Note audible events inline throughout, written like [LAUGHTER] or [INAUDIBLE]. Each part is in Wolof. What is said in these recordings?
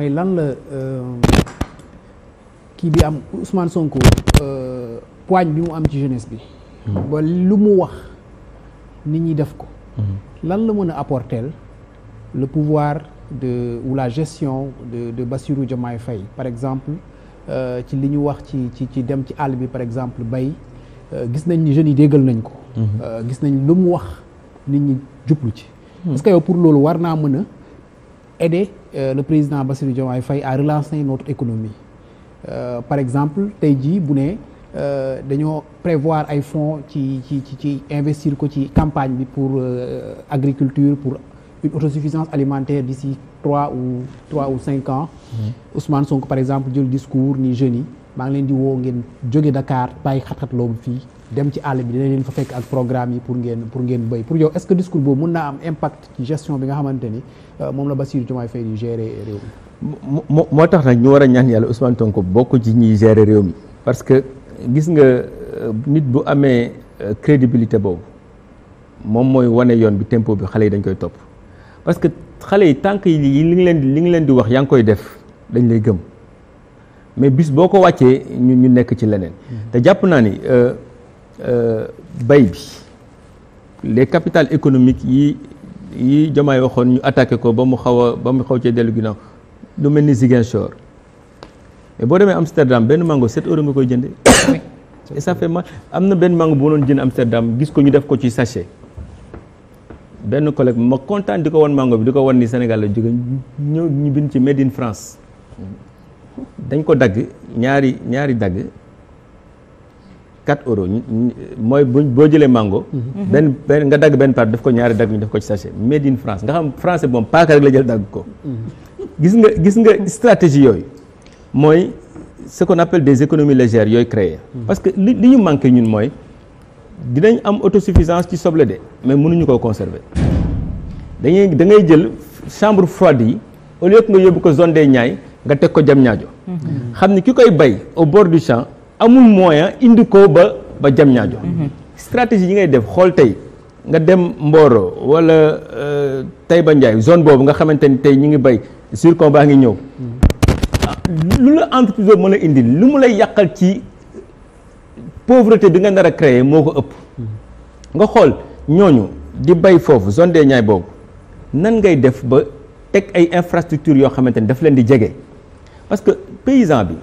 mooy lan la euh, kii bi am Ousmane Sonko euh, poigne bi mu am ci jeunesse bi. Hmm. ba lu mu wax nit ñi def ko. Hmm. lan la mën a apporter le pouvoir de ou la gestion de de Bassirou Diomaye Faye par exemple euh, ci li ñu wax ci ci ci dem ci àll bi par exemple bay gis nañ ni jeunes yi déggal nañ ko. Hmm. gis nañ lu mu wax nit ñi jublu ci. est yow pour loolu war naa mën a Euh, le président Bassirou Diomaye fay a relancé notre économie euh, par exemple tey jii bu ne euh, dañoo prévoir ay fonds ci ci ci investir ko ci campagne bi pour agriculture pour une autosuffisance alimentaire d'ici trois ou trois ou cinq ans mmh. Ousmane Sonko par exemple jël discours ni jeunes yi maa ngi leen di woo ngeen jóge Dakar bàyyi xat-xat loobu fii dem ci àll bi dina leen fa fekk ak programme yi pour ngeen pour ngeen béy pour yow est-ce que discours boobu mun naa am impact ci gestion bi nga xamante ni euh, moom la Bassirou Diomaye Faye di gérer réew moo tax nag ñu war a ñaan yàlla Ousmane Sonko bokk ci ñiy réew mi parce que gis nga euh, nit bu amee euh, crédibilité boobu moom mooy wane yoon bi tempo bi xale yi dañ koy topp parce que xale yi tànk yi li ngi leen li ngi leen di wax yaa nga koy def dañ lay gëm mais bis boo ko wàccee ñu ñu nekk ci leneen mm-hmm. te jàpp naa ni. Euh, bay bi les capitales économiques yi yi Diomaye waxoon ñu attaqué ko ba mu xaw a ba mu xaw cee dellu ginnaaw lu mel ni Ziguinchor mais boo demee Amsterdam benn mango 7 euros nga koy jëndee. et ça fait ma am na benn mango bu doon jënd Amsterdam gis ko ñu def ko ci sachet benn collègue ma kontaan di ko wan mango bi di ko wan ni Sénégal la jóge ñëw ñu bind ci Made France dañ ko dagg ñaari ñaari dagg. 4 euros mooy bu boo jëlee mango. Mhm. benn benn nga dagg benn part daf ko ñaari dagg ñu def ko ci sachet made in France nga xam français moom paaka rek la jël dagg ko. Mhm. gis nga gis nga stratégie yooyu mooy ce qu'on appelle des économies légères yooyu créé. Mhm. parce que li li ñu manqué ñun mooy dinañ am autosuffisance ci soble de mais mënuñu koo conserver dañuy da ngay jël chambre froide yi au lieu nga yóbbu ko zone des ñaay nga teg ko jam ñaajo xam ni ki koy amul moyen indi ko ba ba jam ñaajo mhm. stratégie yi ngay def xool tey nga dem Mboro wala euh, Taïba Ndiaye zone boobu nga xamante ni tey ñu ngi bay zircon baa ngi ñëw mhm. lu la entreprise boobu mën a indi lu mu lay yàqal ci pauvreté bi nga nar a créer moo ko ëpp mhm. nga xool ñooñu di bay foofu zone des ñaay boobu nan ngay def ba teg ay infrastructure yoo xamante ni daf leen di jege parce que paysan bi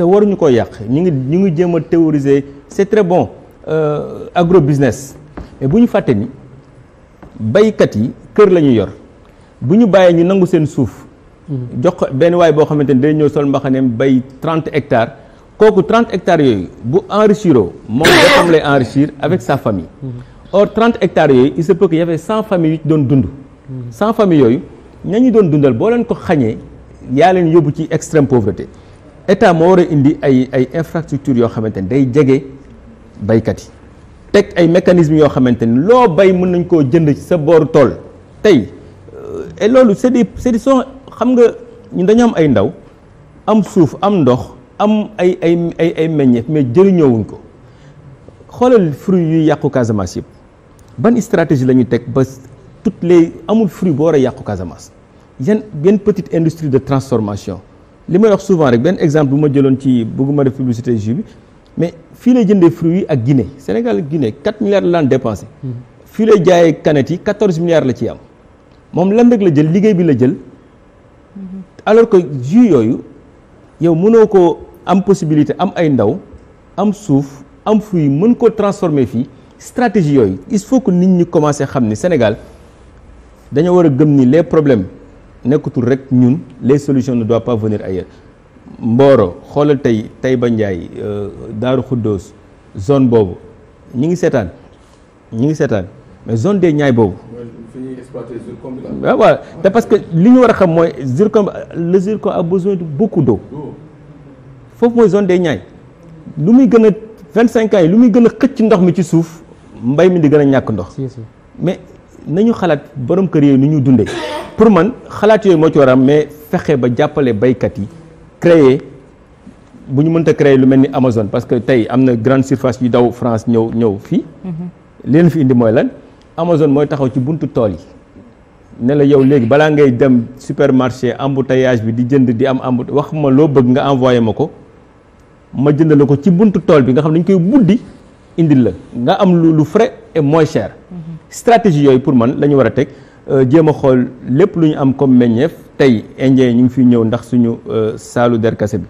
te waruñu ko yàq ñu ngi ñu ngi jéem a théoriser c'est très bon euh, agro business bu ñu fàtte ni baykat yi kër la ñu yor bu ñu bàyyee ñu nangu seen suuf. Mm-hmm. jox ko benn waay boo xamante ni day ñëw sol mbaxaneem bay trente hectares kooku trente hectares yooyu bu enrichiroo moom boppam lay enrichir avec sa famille. Mm-hmm. or trente hectares yooyu il se peut que y avait cent familles yu ci doon dund. Mm-hmm. cent familles yooyu ña ñu doon dundal boo leen ko xañee yaa leen yóbbu ci extrême pauvreté. état moo war a indi ay ay infrastructure yoo xamante ni day jege baykat yi teg ay mécanismes yoo xamante ni loo bay mun nañ koo jënd ci sa boor tool tey euh, et loolu c'est des c'est des son xam nga ñu dañu am ay ndaw am suuf am ndox am ay ay ay ay meññeef mais ñëwuñ ko xoolal fruit yuy yàqu Casamance yëpp ban stratégie la ñu teg ba toutes les amul fruit boo war a yàqu Casamance yenn benn petite industrie de transformation li may wax souvent rek benn exemple bu ma jëloon ci bëgguma def publicité jus bi mais fii lay jëndee fruits yi ak Guinée Sénégal Guinée 4 milliards la daan dépensé. Hmm. fii lay jaaye canette yi 14 milliards la ciy am moom lan rek la jël liggéey bi la jël hmm. alors que jus yooyu yow mënoo ko am possibilité am ay ndaw am suuf am fruits mën ko transformer fii stratégie yooyu il faut que nit ñi commencé xam ni Sénégal dañoo war a gëm ni les problèmes. nekkatul rek ñun les solutions ne doivent pas venir ailleurs xoolal tey ba Ndiaye euh, Daaru Xuddoos zone boobu ñi ngi seetaan ñi ngi seetaan mais zone des ñaay boobu. waaw ah, te parce que li ñu war a xam mooy zircon le zircon a besoin de beaucoup des Niayes lu muy gën a vingt cinq ans yi lu muy gën a xëcc ndox mi ci suuf mbay mi di gën a ñàkk ndox mais nañu xalaat borom kër yooyu nu ñuy dundee pour man xalaat yooyu moo ci war a am mais fexe ba jàppale baykat yi créer bu ñu mënta créer lu mel ni Amazon parce que tey am na grande surface yu daw France ñëw ñëw fii. Mhm. li leen fi indi mooy lan Amazon mooy taxaw ci buntu tool yi. ne la yow léegi balaa ngay dem supermarché embouteillage bi di jënd di am embout wax ma loo bëgg nga envoyé ma ko ma jënd la ko ci buntu tool bi nga xam ne dañ koy buddi indil la nga am lu frais et moins mhm. stratégie yooyu pour Euh, jéem a xool lépp lu ñu am comme meññeef tey yi ñu ngi fi ñëw ndax suñu euh, saalu derkase bi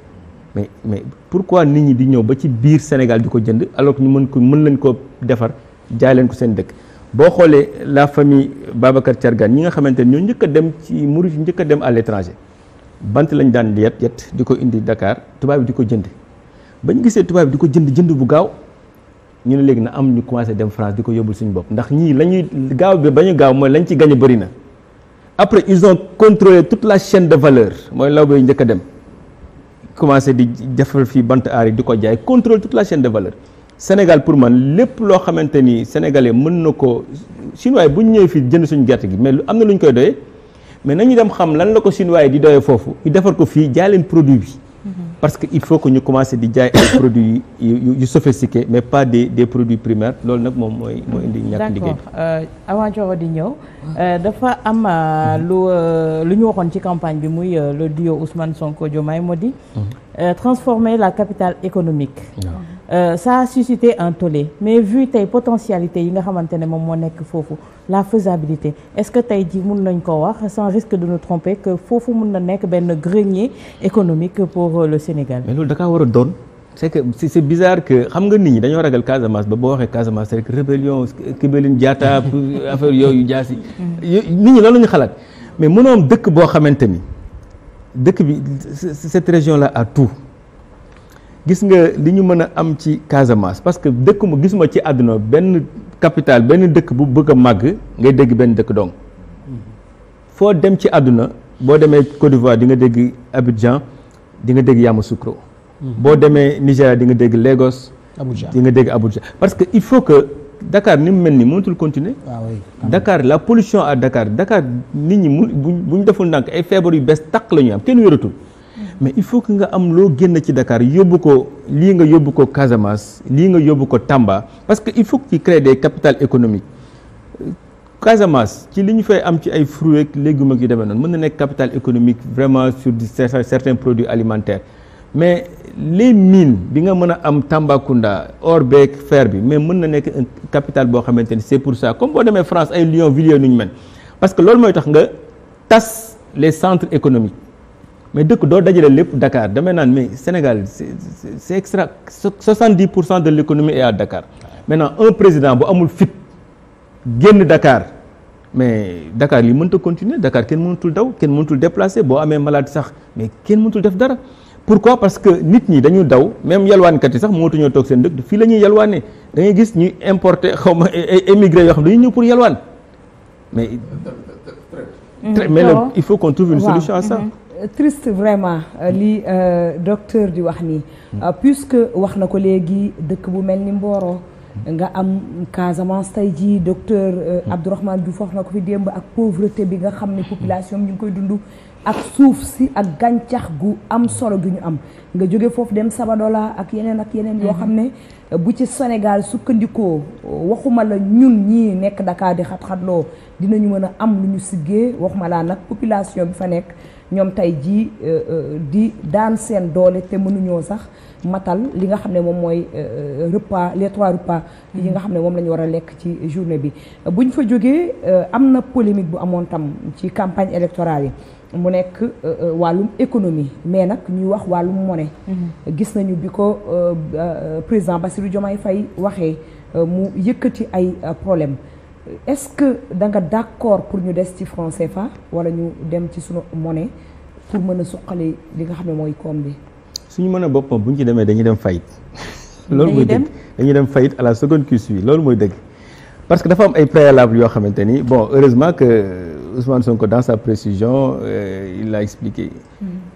mais mais pourquoi nit ñi di ñëw ba ci biir Sénégal di ko jënd alors que ñu mën ko mën leen ko defar jaay leen ko seen dëkk boo xoolee la famille Babacar Thiargane ñi nga xamante ne ñoo njëkk a dem ci murit njëkk a dem à l'étranger bant lañ daan yet yet di ko indi Dakar tubaab bi di ko jënd ba ñu gisee tubaab bi di ko jënd jënd bu gaaw ñu ne léegi na am ñu commencé dem France di ko yóbbul suñu bopp ndax ñii la gaaw bi ba ñu gaaw mooy lañ ci gagné bëri na après ils ont contrôlé toute la chaine de valeur mooy law bay njëkk dem commencé di defal fii bant aar yi di ko jaay contrôle toute la chaîne de valeur Sénégal pour man lépp loo xamante ni sénégalais mën na ko chinois yi bu ñu ñëwee fii jënd suñu gerte gi mais lu am na luñ koy doyee mais nañu dem xam lan la ko chinois yi di doyee foofu ñu ko fii jaay produit bi parce que il faut que ñu commencer di jaay ay produits yu yu mais pas des des produits primaires loolu nag moom mooy mooy indi ñàkk liggéey bi d'accord euh, di ñëw euh, dafa am euh, lu lu ñu waxoon ci campagne bi muy le duo Ousmane Sonko Diomaye moo di mhm. transformer la capitale économique ah. Euh, ça a suscité un tollé mais vu tey potentialité yi nga xamante ne moom moo nekk foofu la faisabilité est-ce que tey jii mun nañ ko wax sans risque de nous tromper que foofu mun na nekk benn grenier économique pour euh, le Sénégal. mais loolu da war a doon c'est que c'est bizarre que xam nga nit ñi dañoo ragal Casamance ba boo waxee Casamance rek rébellion Kébélin Diatta [LAUGHS] affaire yooyu jaasi. Mm-hmm. nit ñi loolu ñu xalaat mais mënoom dëkk boo xamante ni dëkk bi cette région là a tout. gis nga li ñu mën a am ci Casamance parce que dëkk ma gisuma ci àdduna benn capital benn dëkk bu bëgg a màgg ngay dégg benn dëkk dong foo dem ci àdduna boo demee Côte d'Ivoire di nga dégg Abidjan di nga dégg Yamoussoukro boo demee Nigéria di nga dégg Lagos di nga dégg Abuja parce que il faut que dakaar ni mu mel ni mënatul continuer ah dakaar la pollution à Dakar Dakar nit ñi mu buñ defoon ndànk ay feebar yu bees taq la ñu am kenn wératul mais il faut que nga am loo génn ci Dakar yóbbu ko lii nga yóbbu ko Casamance lii nga yóbbu ko Tamba parce que il faut qu'il crée des capitales économiques Casamance ci li ñu fay am ci ay fruits ak légumes ak yu demee noonu mën na nekk capital économique vraiment sur certains produits alimentaires mais les mines bi nga mën a am Tambacounda or beeg fer bi mais mën na nekk capital boo xamante ni c'est pour ça comme boo demee France ay Lyon Villiers nu ñu mel parce que loolu tax nga tas les centres économiques mais dëkk doo dajale lépp dakaar damay naan mais Sénégal c' est c' est pour cent de léconomie économie est à Dakar maintenant un président bu amul fit génn dakaar mais Dakar li mënta continuer Dakar kenn mënatul daw kenn mënatul déplacer boo amee malaat sax mais kenn mënatul def dara. pourquoi parce que nit ñi dañu daw même yalwaankat yi sax mootuñoo toog seen dëkk fii la ñuy yalwaanee da ngay gis ñuy importer xaw ma émigré yoo xam dañuy ñëw pour yalwaan mais. très mais mm-hmm. il faut qu'on trouve une solution triste vraiment euh, li euh, docteur di wax nii euh, que wax na ko léegi dëkk bu mel ni Mboro nga am Casamance tey jii docteur Abdourahmane Diouf wax na ko fi démb ak pauvreté bi nga xam ne population ñu ngi koy dund ak suuf si ak gàncax gu am solo gu ñu am nga jóge foofu dem Sabadola ak yeneen ak yeneen yoo mhm. xam ne bu ci Sénégal sukkandikoo waxuma la ñun ñii nekk Dakar di xat-xatloo dinañu mën a am lu ñu siggee waxuma laa nag population bi fa nekk ñoom tey jii euh, euh, di daan seen doole te mënuñoo sax matal li nga xam ne moom mooy euh, repas les trois repas yi nga xam ne moom la ñu war a lekk ci journée bi buñ fa jógee am na polémique bu amoon tam ci campagne électorale yi mu nekk euh, euh, wàllum économie mais nag ñuy wax wàllum monnaie. Mm-hmm. gis nañu bi ko euh, président ba Bassirou Diomaye fay waxee mu yëkkati ay problème est-ce que da nga d'accord pour ñu des ci franc fa wala ñu dem ci sunu monnaie pour mën a suqali li nga xam ne mooy koom bi. suñu mën a boppam bu ñu ci demee dañuy dem fayit. loolu mooy dëgg dañuy dem fayit à la seconde qui loolu mooy dëgg. parce que dafa am ay préalable yoo xamante ni bon heureusement que Ousmane Sonko dans sa précision euh, il l'a expliqué. Mm.